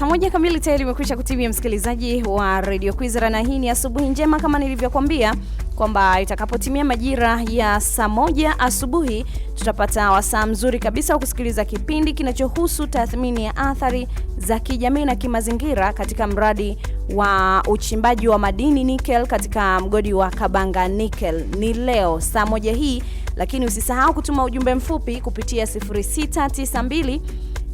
Saa moja kamili tayari imekwisha kutimia, msikilizaji wa Radio Kwizera, na hii ni asubuhi njema kama nilivyokuambia kwamba itakapotimia majira ya saa moja asubuhi tutapata wasaa mzuri kabisa wa kusikiliza kipindi kinachohusu tathmini ya athari za kijamii na kimazingira katika mradi wa uchimbaji wa madini nikel katika mgodi wa Kabanga Nickel. Ni leo saa moja hii, lakini usisahau kutuma ujumbe mfupi kupitia 0692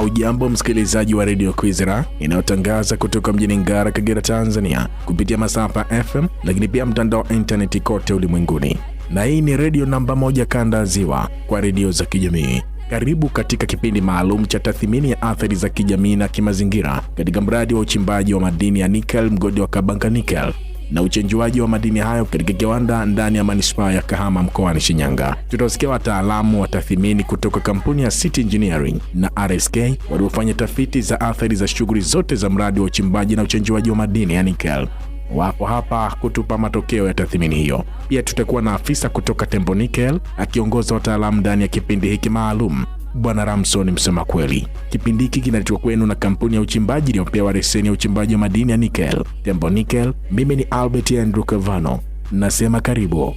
Hujambo msikilizaji wa redio Kwizera inayotangaza kutoka mjini Ngara, Kagera, Tanzania, kupitia masafa FM lakini pia mtandao wa intaneti kote ulimwenguni. Na hii ni redio namba moja kanda ya Ziwa kwa redio za kijamii. Karibu katika kipindi maalum cha tathmini ya athari za kijamii na kimazingira katika mradi wa uchimbaji wa madini ya nikel mgodi wa Kabanga Nickel na uchenjuaji wa madini hayo katika kiwanda ndani ya manispaa ya Kahama mkoani Shinyanga. Tutawasikia wataalamu wa tathmini kutoka kampuni ya City Engineering na RSK waliofanya tafiti za athari za shughuli zote za mradi wa uchimbaji na uchenjuaji wa madini ya nikel wapo hapa kutupa matokeo ya tathmini hiyo. Pia tutakuwa na afisa kutoka Tembo Nickel akiongoza wataalamu ndani ya kipindi hiki maalum Bwana Ramson msema kweli. Kipindi hiki kinaletwa kwenu na kampuni ya uchimbaji iliyopewa leseni ya uchimbaji wa madini ya nikel, Tembo Nikel. Mimi ni Albert Andrew Cavano, nasema karibu.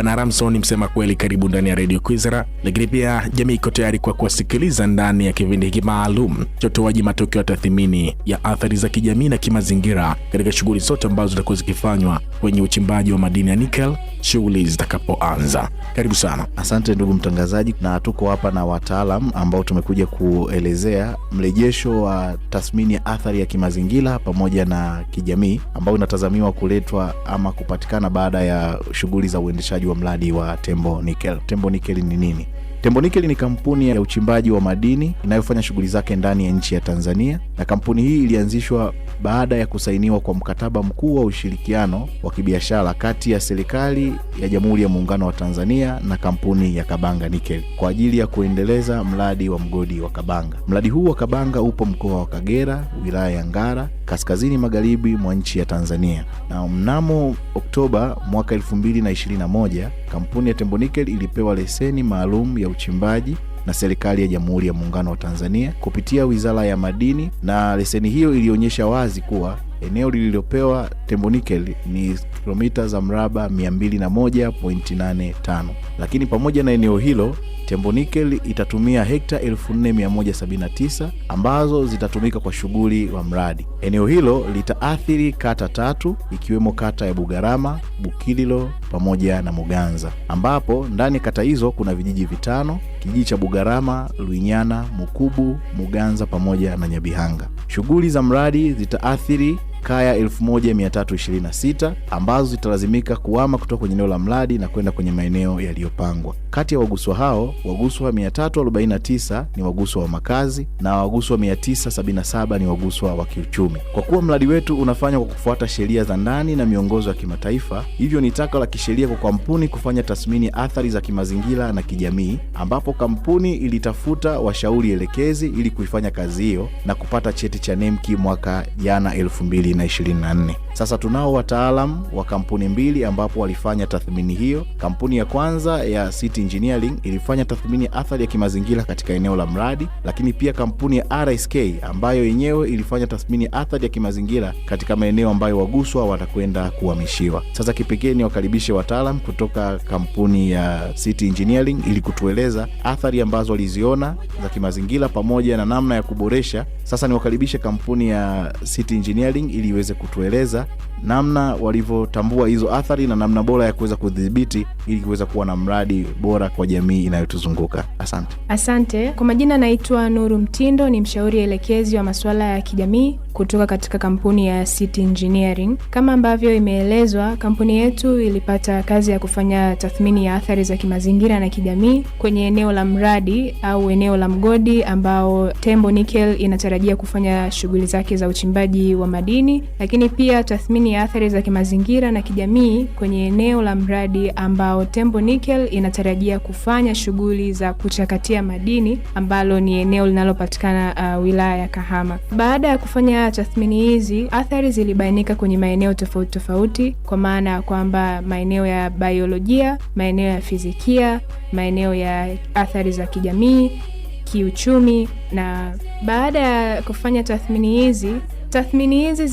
Bwana Ramson ni msema kweli, karibu ndani ya Radio Kwizera, lakini pia jamii iko tayari kwa kuwasikiliza ndani ya kipindi hiki maalum cha utoaji matokeo ya tathmini ya athari za kijamii na kimazingira katika shughuli zote ambazo zitakuwa zikifanywa kwenye uchimbaji wa madini ya nikel shughuli zitakapoanza. Karibu sana. Asante ndugu mtangazaji, na tuko hapa na wataalam ambao tumekuja kuelezea mrejesho wa tathmini ya athari ya kimazingira pamoja na kijamii ambao inatazamiwa kuletwa ama kupatikana baada ya shughuli za uendeshaji wa mradi wa Tembo Nickel. Tembo Nickel ni nini? Tembo Nickel ni kampuni ya uchimbaji wa madini inayofanya shughuli zake ndani ya nchi ya Tanzania na kampuni hii ilianzishwa baada ya kusainiwa kwa mkataba mkuu wa ushirikiano wa kibiashara kati ya serikali ya Jamhuri ya Muungano wa Tanzania na kampuni ya Kabanga nikel kwa ajili ya kuendeleza mradi wa mgodi wa Kabanga. Mradi huu wa Kabanga upo mkoa wa Kagera, wilaya ya Ngara, kaskazini magharibi mwa nchi ya Tanzania. Na mnamo Oktoba mwaka 2021 kampuni ya Tembo Nikel ilipewa leseni maalum ya uchimbaji na serikali ya Jamhuri ya Muungano wa Tanzania kupitia Wizara ya Madini, na leseni hiyo ilionyesha wazi kuwa Eneo lililopewa Tembo Nickel ni kilomita za mraba 201.85, lakini pamoja na eneo hilo Tembo Nickel itatumia hekta 4179 ambazo zitatumika kwa shughuli wa mradi. Eneo hilo litaathiri kata tatu ikiwemo kata ya Bugarama, Bukililo pamoja na Muganza, ambapo ndani ya kata hizo kuna vijiji vitano, kijiji cha Bugarama, Luinyana, Mukubu, Muganza pamoja na Nyabihanga. Shughuli za mradi zitaathiri kaya 1326 ambazo zitalazimika kuhama kutoka kwenye eneo la mradi na kwenda kwenye maeneo yaliyopangwa. Kati ya waguswa hao, waguswa 349 ni waguswa wa makazi na waguswa 977 ni waguswa wa kiuchumi. Kwa kuwa mradi wetu unafanywa kwa kufuata sheria za ndani na miongozo ya kimataifa, hivyo ni taka la kisheria kwa kampuni kufanya tathmini athari za kimazingira na kijamii, ambapo kampuni ilitafuta washauri elekezi ili kuifanya kazi hiyo na kupata cheti cha nemki mwaka jana 2 2024. Sasa tunao wataalam wa kampuni mbili ambapo walifanya tathmini hiyo. Kampuni ya kwanza ya City Engineering ilifanya tathmini ya athari ya kimazingira katika eneo la mradi, lakini pia kampuni ya RSK ambayo yenyewe ilifanya tathmini ya athari ya kimazingira katika maeneo ambayo waguswa watakwenda kuhamishiwa. Sasa kipekee ni wakaribishe wataalam kutoka kampuni ya City Engineering ili kutueleza athari ambazo waliziona za kimazingira pamoja na namna ya kuboresha. Sasa niwakaribishe kampuni ya City Engineering ili iweze kutueleza namna walivyotambua hizo athari na namna bora ya kuweza kudhibiti ili kuweza kuwa na mradi bora kwa jamii inayotuzunguka. Asante. Asante. Kwa majina, naitwa Nuru Mtindo, ni mshauri elekezi wa masuala ya kijamii kutoka katika kampuni ya City Engineering. Kama ambavyo imeelezwa, kampuni yetu ilipata kazi ya kufanya tathmini ya athari za kimazingira na kijamii kwenye eneo la mradi au eneo la mgodi ambao Tembo Nickel inatarajia kufanya shughuli zake za uchimbaji wa madini, lakini pia tathmini ya athari za kimazingira na kijamii kwenye eneo la mradi ambao Tembo Nickel inatarajia kufanya shughuli za kuchakatia madini ambalo ni eneo linalopatikana uh, wilaya ya Kahama. Baada ya kufanya tathmini hizi, athari zilibainika kwenye maeneo tofauti tofauti, kwa maana ya kwamba maeneo ya biolojia, maeneo ya fizikia, maeneo ya athari za kijamii, kiuchumi. Na baada ya kufanya tathmini hizi tathmini hizi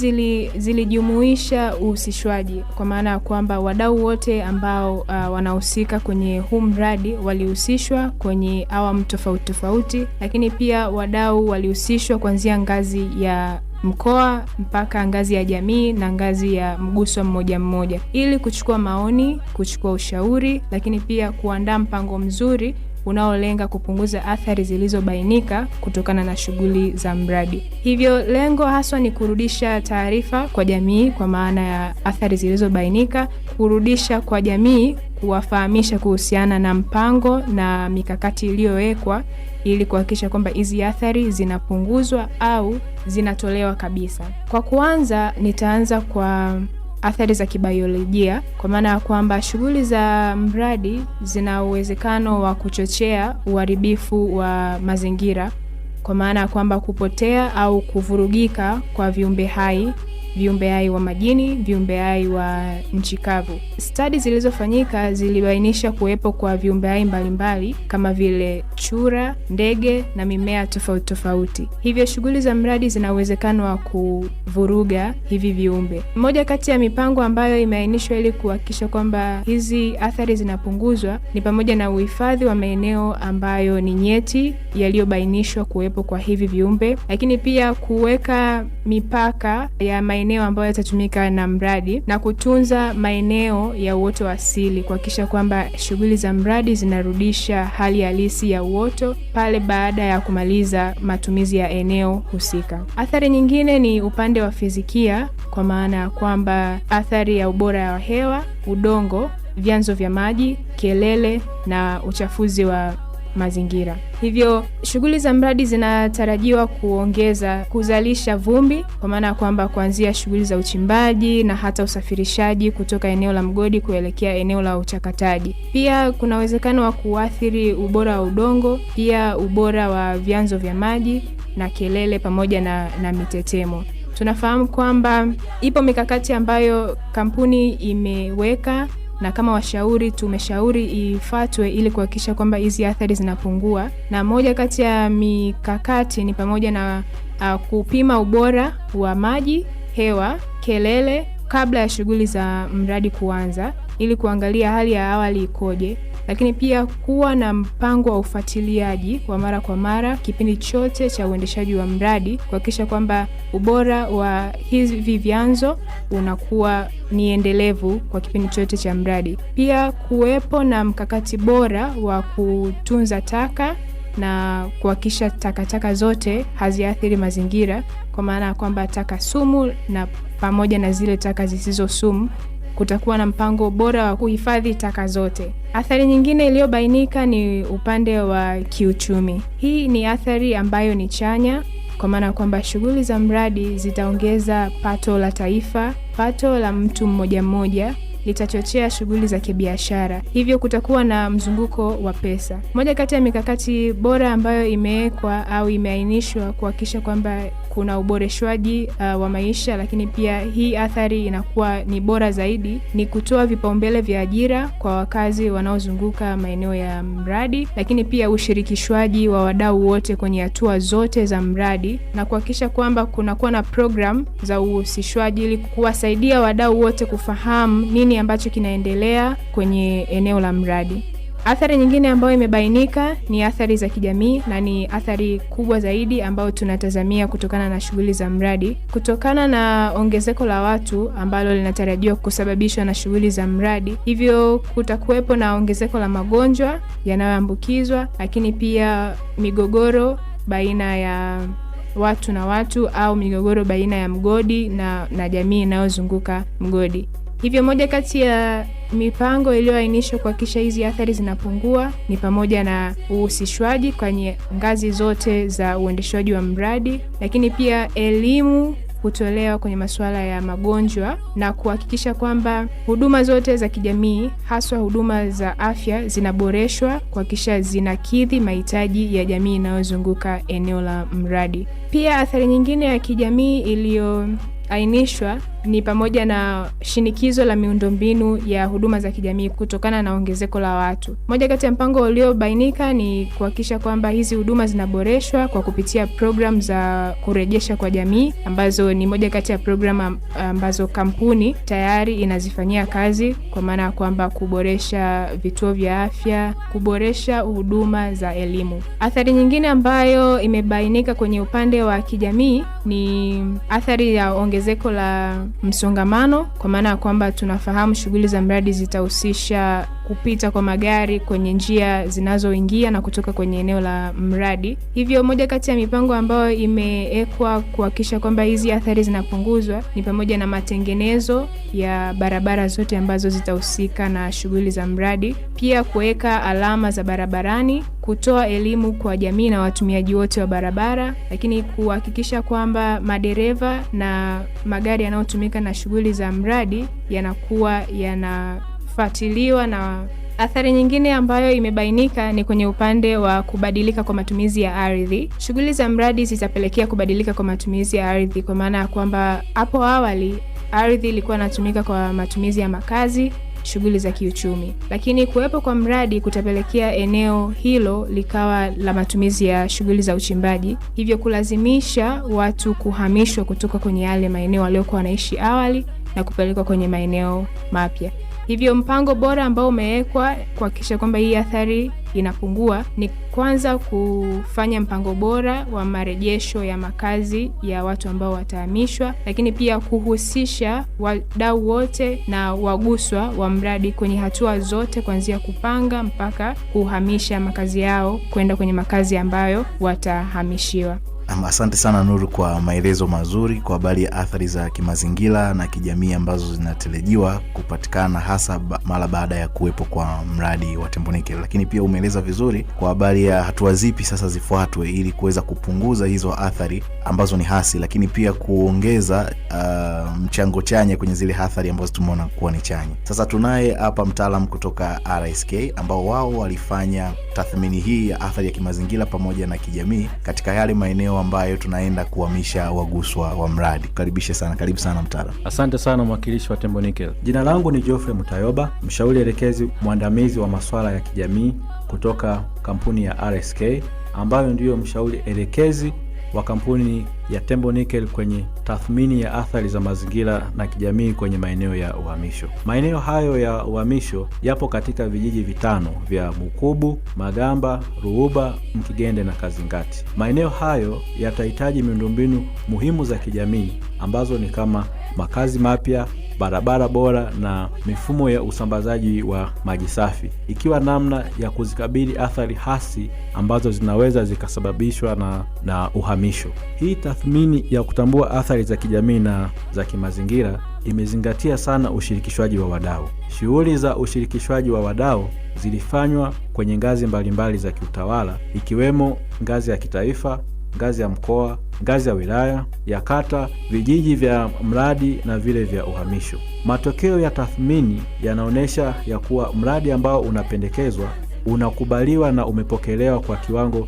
zilijumuisha zili uhusishwaji kwa maana ya kwamba wadau wote ambao uh, wanahusika kwenye huu mradi walihusishwa kwenye awamu tofauti tofauti, lakini pia wadau walihusishwa kuanzia ngazi ya mkoa mpaka ngazi ya jamii na ngazi ya mguswa mmoja mmoja, ili kuchukua maoni, kuchukua ushauri, lakini pia kuandaa mpango mzuri unaolenga kupunguza athari zilizobainika kutokana na shughuli za mradi. Hivyo lengo haswa ni kurudisha taarifa kwa jamii, kwa maana ya athari zilizobainika, kurudisha kwa jamii, kuwafahamisha kuhusiana na mpango na mikakati iliyowekwa ili kuhakikisha kwamba hizi athari zinapunguzwa au zinatolewa kabisa. Kwa kuanza, nitaanza kwa athari za kibaiolojia kwa maana ya kwamba shughuli za mradi zina uwezekano wa kuchochea uharibifu wa mazingira kwa maana ya kwamba kupotea au kuvurugika kwa viumbe hai viumbe hai wa majini, viumbe hai wa nchi kavu. Stadi zilizofanyika zilibainisha kuwepo kwa viumbe hai mbalimbali kama vile chura, ndege na mimea tofauti tofauti. Hivyo shughuli za mradi zina uwezekano wa kuvuruga hivi viumbe. Moja kati ya mipango ambayo imeainishwa ili kuhakikisha kwamba hizi athari zinapunguzwa ni pamoja na uhifadhi wa maeneo ambayo ni nyeti yaliyobainishwa kuwepo kwa hivi viumbe, lakini pia kuweka mipaka ya maeneo maeneo ambayo yatatumika na mradi na kutunza maeneo ya uoto wa asili, kuhakikisha kwamba shughuli za mradi zinarudisha hali halisi ya uoto pale baada ya kumaliza matumizi ya eneo husika. Athari nyingine ni upande wa fizikia, kwa maana ya kwamba athari ya ubora wa hewa, udongo, vyanzo vya maji, kelele na uchafuzi wa mazingira. Hivyo shughuli za mradi zinatarajiwa kuongeza kuzalisha vumbi, kwa maana ya kwamba kuanzia shughuli za uchimbaji na hata usafirishaji kutoka eneo la mgodi kuelekea eneo la uchakataji. Pia kuna uwezekano wa kuathiri ubora wa udongo, pia ubora wa vyanzo vya maji na kelele pamoja na, na mitetemo. Tunafahamu kwamba ipo mikakati ambayo kampuni imeweka na kama washauri tumeshauri ifatwe ili kuhakikisha kwamba hizi athari zinapungua, na moja kati ya mikakati ni pamoja na uh, kupima ubora wa maji, hewa, kelele kabla ya shughuli za mradi kuanza ili kuangalia hali ya awali ikoje lakini pia kuwa na mpango wa ufuatiliaji wa mara kwa mara kipindi chote cha uendeshaji wa mradi kuhakikisha kwamba ubora wa hivi vyanzo unakuwa ni endelevu kwa kipindi chote cha mradi. Pia kuwepo na mkakati bora wa kutunza taka na kuhakikisha takataka zote haziathiri mazingira, kwa maana ya kwamba taka sumu na pamoja na zile taka zisizo sumu kutakuwa na mpango bora wa kuhifadhi taka zote. Athari nyingine iliyobainika ni upande wa kiuchumi. Hii ni athari ambayo ni chanya kwa maana kwamba shughuli za mradi zitaongeza pato la taifa, pato la mtu mmoja mmoja litachochea shughuli za kibiashara, hivyo kutakuwa na mzunguko wa pesa. Moja kati ya mikakati bora ambayo imewekwa au imeainishwa kuhakikisha kwamba kuna uboreshwaji uh, wa maisha, lakini pia hii athari inakuwa ni bora zaidi ni kutoa vipaumbele vya ajira kwa wakazi wanaozunguka maeneo ya mradi, lakini pia ushirikishwaji wa wadau wote kwenye hatua zote za mradi na kuhakikisha kwamba kunakuwa na programu za uhusishwaji ili kuwasaidia wadau wote kufahamu nini ambacho kinaendelea kwenye eneo la mradi. Athari nyingine ambayo imebainika ni athari za kijamii na ni athari kubwa zaidi ambayo tunatazamia kutokana na shughuli za mradi. Kutokana na ongezeko la watu ambalo linatarajiwa kusababishwa na shughuli za mradi, hivyo kutakuwepo na ongezeko la magonjwa yanayoambukizwa, lakini pia migogoro baina ya watu na watu au migogoro baina ya mgodi na, na jamii inayozunguka mgodi. Hivyo moja kati ya mipango iliyoainishwa kuhakikisha hizi athari zinapungua ni pamoja na uhusishwaji kwenye ngazi zote za uendeshaji wa mradi, lakini pia elimu kutolewa kwenye masuala ya magonjwa na kuhakikisha kwamba huduma zote za kijamii haswa huduma za afya zinaboreshwa kuhakikisha zinakidhi mahitaji ya jamii inayozunguka eneo la mradi. Pia athari nyingine ya kijamii iliyoainishwa ni pamoja na shinikizo la miundombinu ya huduma za kijamii kutokana na ongezeko la watu. Moja kati ya mpango uliobainika ni kuhakikisha kwamba hizi huduma zinaboreshwa kwa kupitia programu za kurejesha kwa jamii ambazo ni moja kati ya programu ambazo kampuni tayari inazifanyia kazi, kwa maana ya kwamba kuboresha vituo vya afya, kuboresha huduma za elimu. Athari nyingine ambayo imebainika kwenye upande wa kijamii ni athari ya ongezeko la msongamano, kwa maana ya kwamba tunafahamu shughuli za mradi zitahusisha kupita kwa magari kwenye njia zinazoingia na kutoka kwenye eneo la mradi. Hivyo moja kati ya mipango ambayo imewekwa kuhakikisha kwamba hizi athari zinapunguzwa ni pamoja na matengenezo ya barabara zote ambazo zitahusika na shughuli za mradi, pia kuweka alama za barabarani, kutoa elimu kwa jamii na watumiaji wote wa barabara, lakini kuhakikisha kwamba madereva na magari yanayotumika na shughuli za mradi yanakuwa yana kufuatiliwa na Athari nyingine ambayo imebainika ni kwenye upande wa kubadilika kwa matumizi ya ardhi. Shughuli za mradi zitapelekea kubadilika kwa matumizi ya ardhi, kwa maana ya kwamba hapo awali ardhi ilikuwa inatumika kwa matumizi ya makazi, shughuli za kiuchumi, lakini kuwepo kwa mradi kutapelekea eneo hilo likawa la matumizi ya shughuli za uchimbaji, hivyo kulazimisha watu kuhamishwa kutoka kwenye yale maeneo waliokuwa wanaishi awali na kupelekwa kwenye maeneo mapya. Hivyo mpango bora ambao umewekwa kuhakikisha kwamba hii athari inapungua ni kwanza kufanya mpango bora wa marejesho ya makazi ya watu ambao watahamishwa, lakini pia kuhusisha wadau wote na waguswa wa mradi kwenye hatua zote, kuanzia kupanga mpaka kuhamisha makazi yao kwenda kwenye makazi ambayo watahamishiwa. Asante sana Nuru kwa maelezo mazuri kwa habari ya athari za kimazingira na kijamii ambazo zinatarajiwa kupatikana hasa ba, mara baada ya kuwepo kwa mradi wa tembonike lakini pia umeeleza vizuri kwa habari ya hatua zipi sasa zifuatwe ili kuweza kupunguza hizo athari ambazo ni hasi, lakini pia kuongeza uh, mchango chanya kwenye zile athari ambazo tumeona kuwa ni chanya. Sasa tunaye hapa mtaalam kutoka RSK ambao wao walifanya tathmini hii ya athari ya kimazingira pamoja na kijamii katika yale maeneo ambayo tunaenda kuhamisha waguswa wa mradi. Karibishe sana, karibu sana mtaalam. Asante sana mwakilishi wa Tembo Nickel. Jina langu ni Geoffrey Mutayoba, mshauri elekezi mwandamizi wa masuala ya kijamii kutoka kampuni ya RSK ambayo ndiyo mshauri elekezi wa kampuni ya Tembo Nickel kwenye tathmini ya athari za mazingira na kijamii kwenye maeneo ya uhamisho. Maeneo hayo ya uhamisho yapo katika vijiji vitano vya mukubu Magamba, Ruuba, Mkigende na Kazingati. Maeneo hayo yatahitaji miundombinu muhimu za kijamii ambazo ni kama makazi mapya, barabara bora na mifumo ya usambazaji wa maji safi, ikiwa namna ya kuzikabili athari hasi ambazo zinaweza zikasababishwa na, na uhamisho. Hii tathmini ya kutambua athari za kijamii na za kimazingira imezingatia sana ushirikishwaji wa wadau. Shughuli za ushirikishwaji wa wadau zilifanywa kwenye ngazi mbalimbali za kiutawala, ikiwemo ngazi ya kitaifa, ngazi ya mkoa, ngazi ya wilaya, ya kata, vijiji vya mradi na vile vya uhamisho. Matokeo ya tathmini yanaonyesha ya kuwa mradi ambao unapendekezwa unakubaliwa na umepokelewa kwa kiwango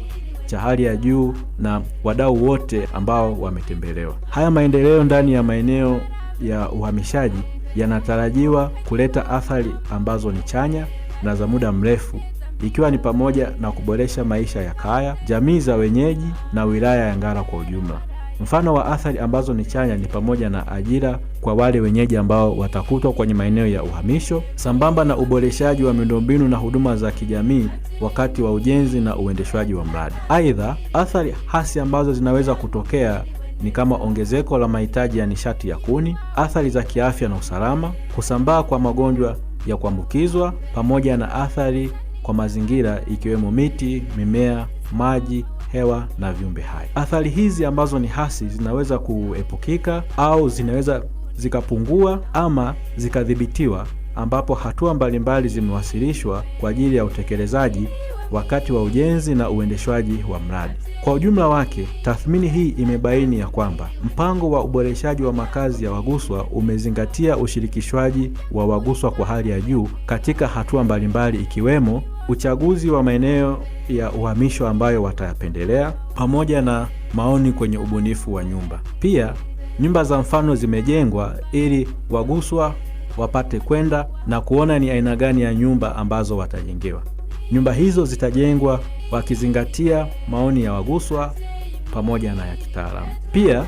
cha hali ya juu na wadau wote ambao wametembelewa. Haya maendeleo ndani ya maeneo ya uhamishaji yanatarajiwa kuleta athari ambazo ni chanya na za muda mrefu ikiwa ni pamoja na kuboresha maisha ya kaya, jamii za wenyeji na wilaya ya Ngara kwa ujumla. Mfano wa athari ambazo ni chanya ni pamoja na ajira kwa wale wenyeji ambao watakutwa kwenye maeneo ya uhamisho, sambamba na uboreshaji wa miundombinu na huduma za kijamii wakati wa ujenzi na uendeshwaji wa mradi. Aidha, athari hasi ambazo zinaweza kutokea ni kama ongezeko la mahitaji ya nishati ya kuni, athari za kiafya na usalama, kusambaa kwa magonjwa ya kuambukizwa pamoja na athari kwa mazingira ikiwemo miti, mimea, maji hewa na viumbe hai. Athari hizi ambazo ni hasi zinaweza kuepukika au zinaweza zikapungua ama zikadhibitiwa, ambapo hatua mbalimbali zimewasilishwa kwa ajili ya utekelezaji wakati wa ujenzi na uendeshwaji wa mradi. Kwa ujumla wake, tathmini hii imebaini ya kwamba mpango wa uboreshaji wa makazi ya waguswa umezingatia ushirikishwaji wa waguswa kwa hali ya juu katika hatua mbalimbali ikiwemo uchaguzi wa maeneo ya uhamisho ambayo watayapendelea, pamoja na maoni kwenye ubunifu wa nyumba. Pia nyumba za mfano zimejengwa ili waguswa wapate kwenda na kuona ni aina gani ya nyumba ambazo watajengewa. Nyumba hizo zitajengwa wakizingatia maoni ya waguswa pamoja na ya kitaalamu. Pia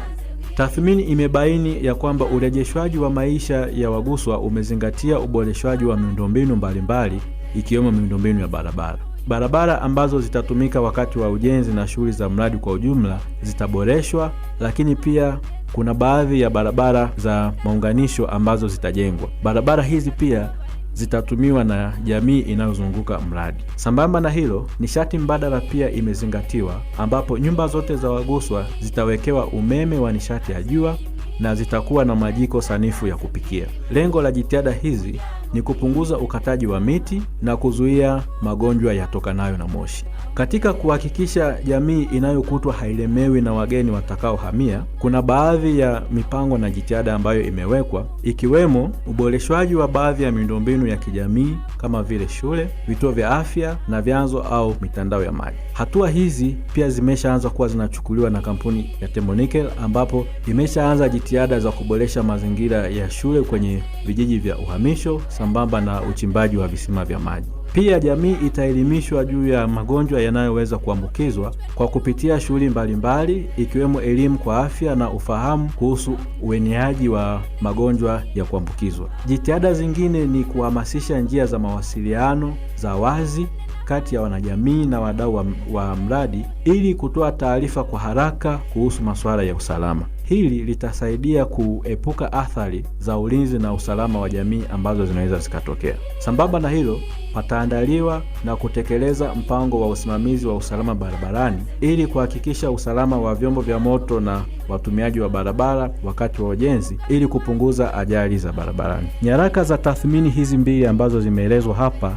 tathmini imebaini ya kwamba urejeshwaji wa maisha ya waguswa umezingatia uboreshwaji wa miundombinu mbalimbali ikiwemo miundombinu ya barabara. Barabara ambazo zitatumika wakati wa ujenzi na shughuli za mradi kwa ujumla zitaboreshwa, lakini pia kuna baadhi ya barabara za maunganisho ambazo zitajengwa. Barabara hizi pia zitatumiwa na jamii inayozunguka mradi. Sambamba na hilo, nishati mbadala pia imezingatiwa, ambapo nyumba zote za waguswa zitawekewa umeme wa nishati ya jua na zitakuwa na majiko sanifu ya kupikia. Lengo la jitihada hizi ni kupunguza ukataji wa miti na kuzuia magonjwa yatokanayo na moshi. Katika kuhakikisha jamii inayokutwa hailemewi na wageni watakaohamia, kuna baadhi ya mipango na jitihada ambayo imewekwa ikiwemo uboreshwaji wa baadhi ya miundombinu ya kijamii kama vile shule, vituo vya afya na vyanzo au mitandao ya maji. Hatua hizi pia zimeshaanza kuwa zinachukuliwa na kampuni ya Tembo Nickel ambapo imeshaanza jitihada za kuboresha mazingira ya shule kwenye vijiji vya uhamisho sambamba na uchimbaji wa visima vya maji. Pia jamii itaelimishwa juu ya magonjwa yanayoweza kuambukizwa kwa kupitia shughuli mbalimbali ikiwemo elimu kwa afya na ufahamu kuhusu ueneaji wa magonjwa ya kuambukizwa. Jitihada zingine ni kuhamasisha njia za mawasiliano za wazi kati ya wanajamii na wadau wa, wa mradi ili kutoa taarifa kwa haraka kuhusu masuala ya usalama. Hili litasaidia kuepuka athari za ulinzi na usalama wa jamii ambazo zinaweza zikatokea. Sambamba na hilo, pataandaliwa na kutekeleza mpango wa usimamizi wa usalama barabarani ili kuhakikisha usalama wa vyombo vya moto na watumiaji wa barabara wakati wa ujenzi ili kupunguza ajali za barabarani. Nyaraka za tathmini hizi mbili ambazo zimeelezwa hapa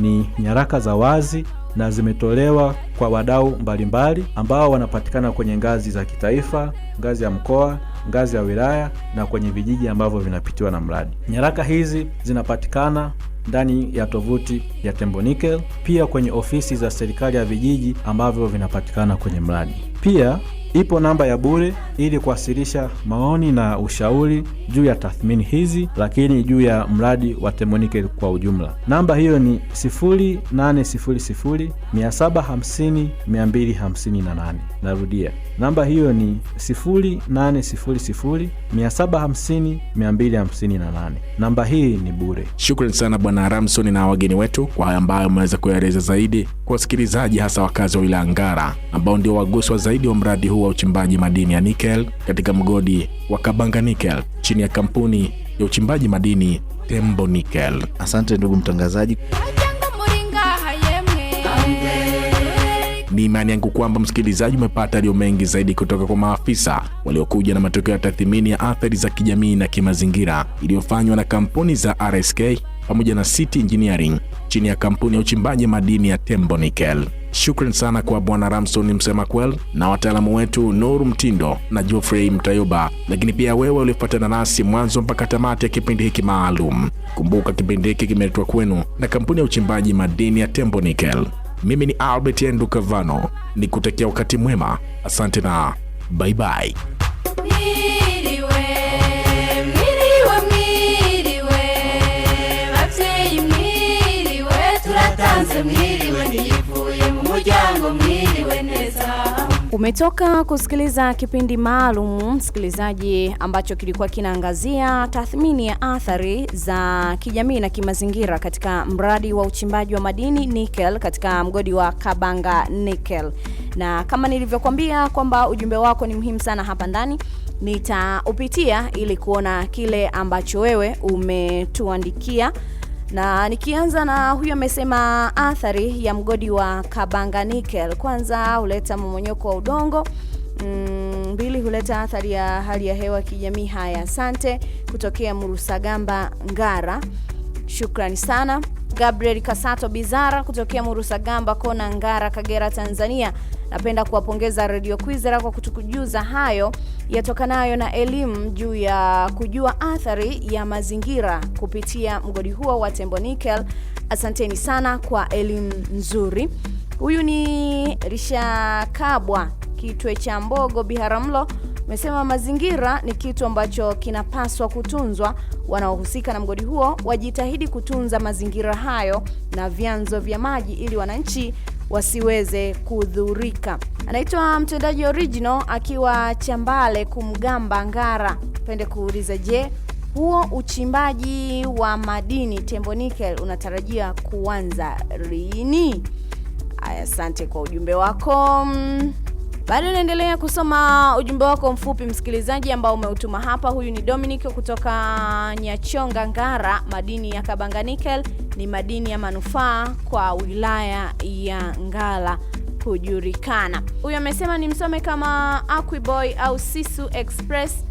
ni nyaraka za wazi na zimetolewa kwa wadau mbalimbali ambao wanapatikana kwenye ngazi za kitaifa, ngazi ya mkoa, ngazi ya wilaya na kwenye vijiji ambavyo vinapitiwa na mradi. Nyaraka hizi zinapatikana ndani ya tovuti ya Tembo Nickel, pia kwenye ofisi za serikali ya vijiji ambavyo vinapatikana kwenye mradi. Pia Ipo namba ya bure ili kuwasilisha maoni na ushauri juu ya tathmini hizi, lakini juu ya mradi wa Temonike kwa ujumla. Namba hiyo ni 0800 750 258. Narudia 0800 750 258. Namba hiyo ni 0800 Namba hii ni bure. shukran sana Bwana Ramson na wageni wetu kwa haya ambayo ameweza kuyaeleza zaidi kwa wasikilizaji, hasa wakazi wa wilaya Ngara ambao ndio wagoswa zaidi wa mradi huu wa uchimbaji madini ya nikel katika mgodi wa Kabanga Nikel chini ya kampuni ya uchimbaji madini Tembo Nikel. Asante ndugu mtangazaji. Ni imani yangu kwamba msikilizaji umepata yaliyo mengi zaidi kutoka kwa maafisa waliokuja na matokeo ya tathmini ya athari za kijamii na kimazingira iliyofanywa na kampuni za RSK pamoja na City Engineering chini ya kampuni ya uchimbaji madini ya Tembo Nickel. Shukran sana kwa Bwana Ramson Msema Kwel na wataalamu wetu Nur Mtindo na Geoffrey Mtayoba, lakini pia wewe uliofuatana nasi mwanzo mpaka tamati ya kipindi hiki maalum. Kumbuka kipindi hiki kimeletwa kwenu na kampuni ya uchimbaji madini ya Tembo Nickel. Mimi ni Albert Ndukavano, ni kutakia wakati mwema, asante na bye bye. Mwiriwe mwiriwe mwiriwe, mwiriwe mwiriwe, mwiriwe, mwiriwe, mwiriwe, Umetoka kusikiliza kipindi maalum msikilizaji, ambacho kilikuwa kinaangazia tathmini ya athari za kijamii na kimazingira katika mradi wa uchimbaji wa madini nickel katika mgodi wa Kabanga Nickel, na kama nilivyokuambia kwamba ujumbe wako ni muhimu sana hapa ndani, nitaupitia ili kuona kile ambacho wewe umetuandikia. Na nikianza na huyo amesema athari ya mgodi wa Kabanga Nickel, kwanza huleta mmonyoko wa udongo mm, mbili huleta athari ya hali ya hewa kijamii. Haya, asante kutokea Murusagamba Ngara, shukrani sana. Gabriel Kasato Bizara kutokea Murusagamba kona Ngara, Kagera, Tanzania. Napenda kuwapongeza Radio Kwizera kwa kutukujuza hayo yatokanayo na elimu juu ya kujua athari ya mazingira kupitia mgodi huo wa Tembo Nickel. Asanteni sana kwa elimu nzuri. Huyu ni Rishakabwa Kitwe cha Mbogo Biharamulo mesema mazingira ni kitu ambacho kinapaswa kutunzwa. Wanaohusika na mgodi huo wajitahidi kutunza mazingira hayo na vyanzo vya maji ili wananchi wasiweze kudhurika. Anaitwa mtendaji original akiwa Chambale Kumgamba Ngara. Pende kuuliza, je, huo uchimbaji wa madini Tembo Nickel unatarajia kuanza lini? Asante kwa ujumbe wako. Bado naendelea kusoma ujumbe wako mfupi msikilizaji, ambao umeutuma hapa. Huyu ni Dominic kutoka Nyachonga, Ngara. Madini ya Kabanga Nickel ni madini ya manufaa kwa wilaya ya Ngara kujulikana. Huyu amesema ni msome kama Aquiboy au Sisu Express.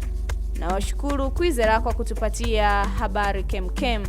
Nawashukuru Kwizera kwa kutupatia habari kemkem.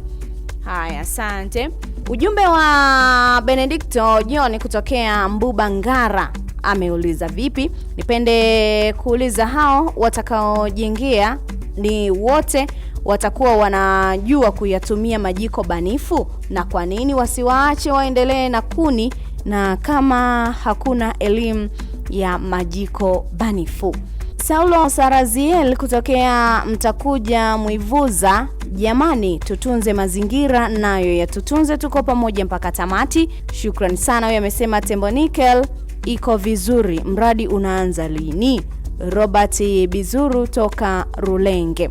Haya, asante. Ujumbe wa Benedicto John kutokea Mbuba, Ngara ameuliza vipi. Nipende kuuliza hao watakaojingia ni wote watakuwa wanajua kuyatumia majiko banifu, na kwa nini wasiwaache waendelee na kuni, na kama hakuna elimu ya majiko banifu? Saulo Saraziel kutokea Mtakuja Mwivuza, jamani, tutunze mazingira nayo yatutunze, tuko pamoja mpaka tamati. Shukrani sana. Huyo amesema Tembo Nickel iko vizuri, mradi unaanza lini? Robert Bizuru toka Rulenge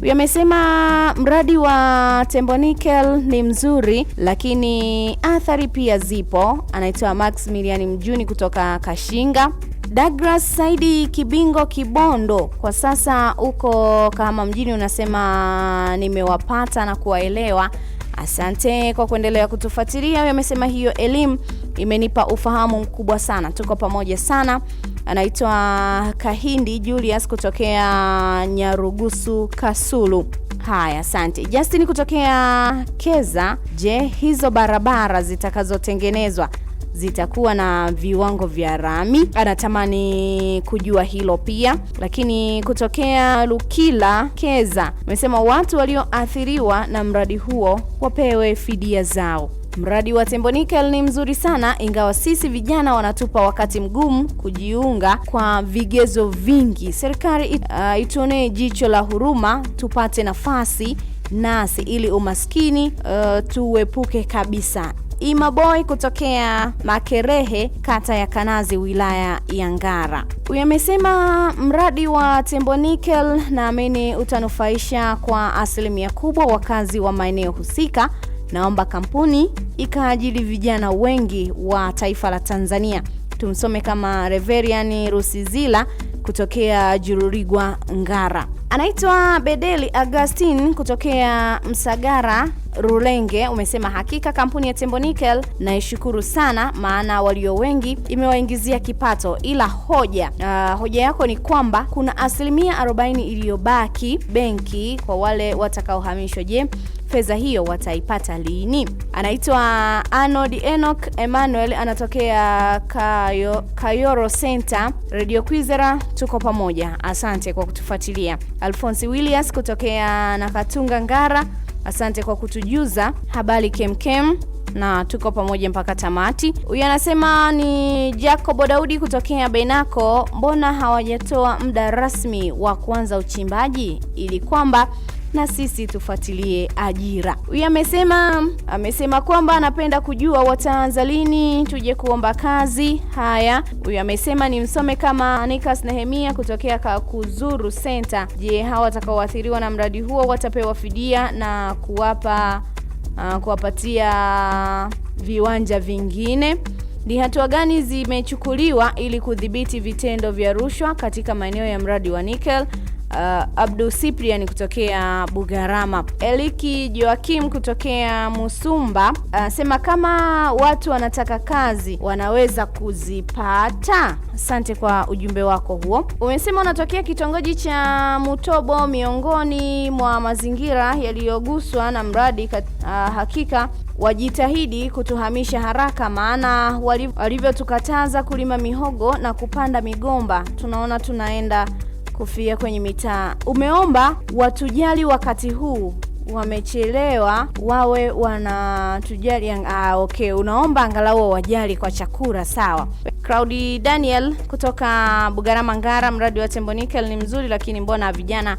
huyo amesema mradi wa Tembo Nickel ni mzuri, lakini athari pia zipo. Anaitwa milian Mjuni kutoka Kashinga. Douglas Saidi Kibingo Kibondo kwa sasa uko kama mjini, unasema nimewapata na kuwaelewa Asante kwa kuendelea kutufuatilia. Amesema hiyo elimu imenipa ufahamu mkubwa sana, tuko pamoja sana. Anaitwa Kahindi Julius kutokea Nyarugusu Kasulu. Haya, asante Justin kutokea Keza. Je, hizo barabara zitakazotengenezwa zitakuwa na viwango vya rami. Anatamani kujua hilo pia. Lakini kutokea Lukila Keza amesema watu walioathiriwa na mradi huo wapewe fidia zao. Mradi wa Tembo Nickel ni mzuri sana, ingawa sisi vijana wanatupa wakati mgumu kujiunga kwa vigezo vingi. Serikali it, uh, ituonee jicho la huruma, tupate nafasi nasi ili umaskini uh, tuepuke kabisa. Imaboy kutokea Makerehe, kata ya Kanazi, wilaya ya Ngara. Huyu amesema mradi wa Tembo Nickel naamini utanufaisha kwa asilimia kubwa wakazi wa maeneo husika. Naomba kampuni ikaajili vijana wengi wa taifa la Tanzania. Tumsome kama Reverian Rusizila kutokea Jururigwa, Ngara. Anaitwa Bedeli Agustin kutokea Msagara, Rulenge umesema hakika kampuni ya Tembo Nickel naishukuru sana, maana walio wengi imewaingizia kipato, ila hoja uh, hoja yako ni kwamba kuna asilimia 40 iliyobaki benki kwa wale watakaohamishwa. Je, fedha hiyo wataipata lini? Anaitwa Arnold Enoch Emmanuel, anatokea Kayo, Kayoro Center, Radio Kwizera, tuko pamoja. Asante kwa kutufuatilia. Alphonse Williams kutokea Nakatunga Ngara Asante kwa kutujuza habari kemkem na tuko pamoja mpaka tamati. Huyu anasema ni Jacobo Daudi kutokea Benako, mbona hawajatoa muda rasmi wa kuanza uchimbaji ili kwamba na sisi tufuatilie ajira. Huyu amesema amesema kwamba anapenda kujua wataanza lini tuje kuomba kazi. Haya, huyu amesema ni msome kama Anikas Nehemia kutokea Kakuzuru Center. Je, hawa watakaoathiriwa na mradi huo watapewa fidia na kuwapa uh, kuwapatia viwanja vingine? Ni hatua gani zimechukuliwa ili kudhibiti vitendo vya rushwa katika maeneo ya mradi wa Nickel? uh, Abdul Cyprian kutokea Bugarama, Eliki Joakim kutokea Musumba anasema uh, kama watu wanataka kazi wanaweza kuzipata. Asante kwa ujumbe wako huo. Umesema unatokea kitongoji cha Mutobo, miongoni mwa mazingira yaliyoguswa na mradi kat, uh, hakika wajitahidi kutuhamisha haraka, maana walivyotukataza kulima mihogo na kupanda migomba, tunaona tunaenda kufia kwenye mitaa. Umeomba watujali wakati huu wamechelewa wawe wanatujali. Ah, okay, unaomba angalau wajali kwa chakula sawa. Claudi Daniel kutoka Bugarama Ngara, mradi wa Tembo Nickel ni mzuri, lakini mbona vijana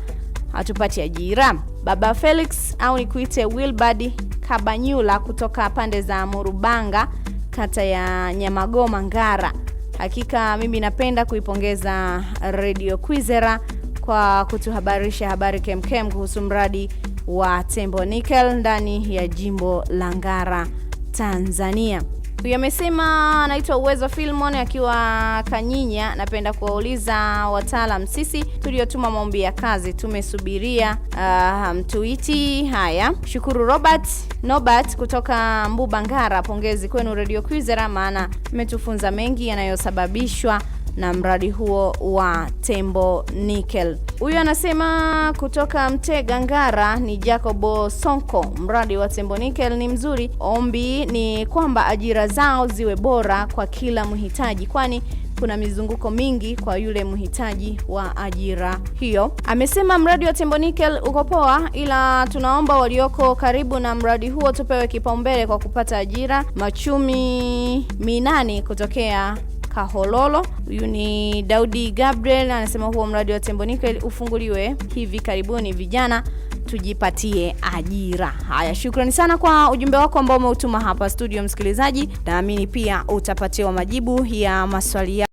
hatupati ajira? Baba Felix au nikuite Wilbard Kabanyula kutoka pande za Murubanga, kata ya Nyamagoma Ngara Hakika mimi napenda kuipongeza Radio Kwizera kwa kutuhabarisha habari kemkem kuhusu mradi wa Tembo Nickel ndani ya jimbo la Ngara, Tanzania. Yamesema anaitwa Uwezo Filmon akiwa Kanyinya. Napenda kuwauliza wataalam, sisi tuliotuma maombi ya kazi tumesubiria uh, mtuiti. haya, shukuru Robert nobat kutoka Mbubangara. Pongezi kwenu Radio Kwizera, maana mmetufunza mengi yanayosababishwa na mradi huo wa Tembo Nickel. Huyu anasema kutoka Mtega Ngara ni Jacobo Sonko, mradi wa Tembo Nickel ni mzuri, ombi ni kwamba ajira zao ziwe bora kwa kila mhitaji, kwani kuna mizunguko mingi kwa yule mhitaji wa ajira hiyo. Amesema mradi wa Tembo Nickel uko poa, ila tunaomba walioko karibu na mradi huo tupewe kipaumbele kwa kupata ajira machumi minani kutokea Kahololo. Huyu ni Daudi Gabriel anasema huo mradi wa Tembo Nickel ufunguliwe hivi karibuni, vijana tujipatie ajira. Haya, shukrani sana kwa ujumbe wako ambao umeutuma hapa studio, msikilizaji. Naamini pia utapatiwa majibu ya maswali